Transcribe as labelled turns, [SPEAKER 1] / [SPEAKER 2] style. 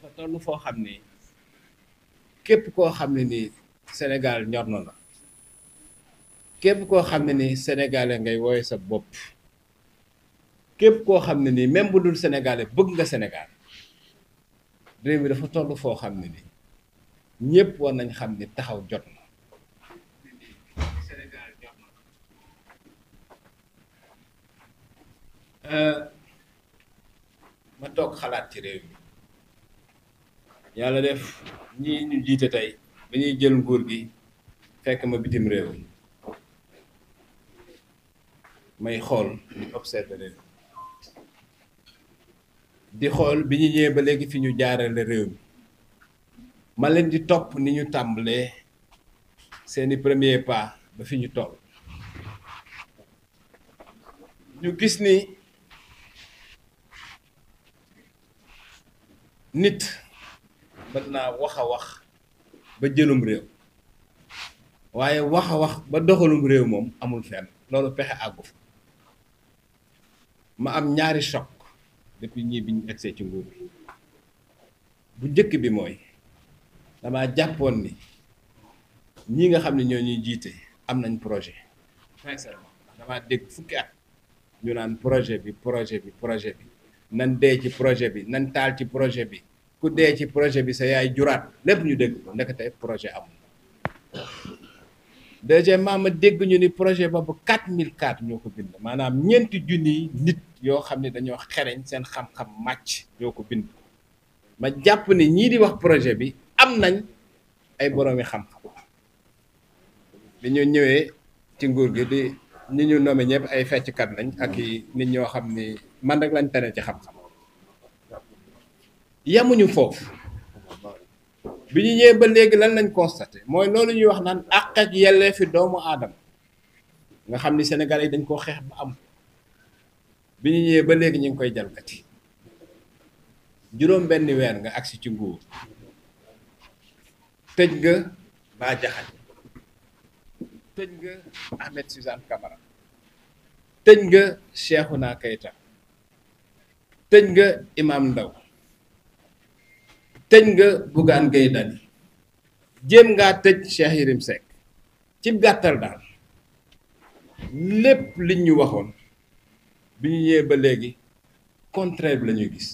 [SPEAKER 1] dafa toll foo xam ni képp koo xam ne ni Sénégal ñor na la képp koo xam ne ni sénégalais ngay wooye sa bopp képp koo xam ne ni même bu dul sénégalais bëgg nga Sénégal réew mi dafa toll foo xam ne ni ñëpp war nañ xam ni taxaw jot na euh, ma toog xalaat ci réew mi yàlla def ñii ñu jiite tey ba ñuy jël nguur gi fekk ma bitim réew may xool di observer leen di xool bi ñu ñëwee ba léegi fi ñu jaarale réew mi ma leen di topp ni ñu tàmbalee seeni premier pas ba fi ñu toll ñu gis ni nit mën naa wax a wax ba jëlum réew waaye wax a wax ba doxalum réew moom amul fenn loolu pexe àggu fa ma am ñaari choc depuis ñii bi ñu egsee ci nguur bi bu njëkk bi mooy dama jàppoon ni ñi nga xam ne ñoo ñuy jiite am nañ projet dama ndax damaa fukki at ñu naan projet bi projet bi projet bi nan dee ci projet bi nan taal ci projet bi ku dee ci projet bi sa yaay juraat lépp ñu dégg ko ndekete projet am deuxièmement ma dégg ñu ni projet boobu 4000 cadres ñoo ko bind maanaam ñeenti junniy nit yoo xam ne dañoo xereñ seen xam-xam màcc ñoo ko bind ma jàpp ni ñii di wax projet bi am nañ ay boroomi xam-xam bi ñu ñëwee ci nguur gi di ñi ñu noomee ñëpp ay fecckat lañ ak i nit ñoo xam ni man rek lañ tane ci xam-xam yamuñu foofu bi ñu ñëwee ba léegi lan lañ constaté mooy loolu ñuy wax naan àq ak yellee fi doomu aadama nga xam ni Sénégal yi dañ koo xeex ba am bi ñu ñëwee ba léegi ñu ngi koy jalkati juróom benn weer nga agsi ci nguur tëj nga Bah Diakhaté tëj nga Ahmed Suzanne Camara tëj nga Cheikhouna Keïta tëj nga Imam Ndao tëj nga Bougane Gueye Dany jéem nga tëj Cheikh Yérim Seck ci gàttal daal lépp li ñu waxoon bi ñu ñëwee ba léegi contraire bi la ñuy gis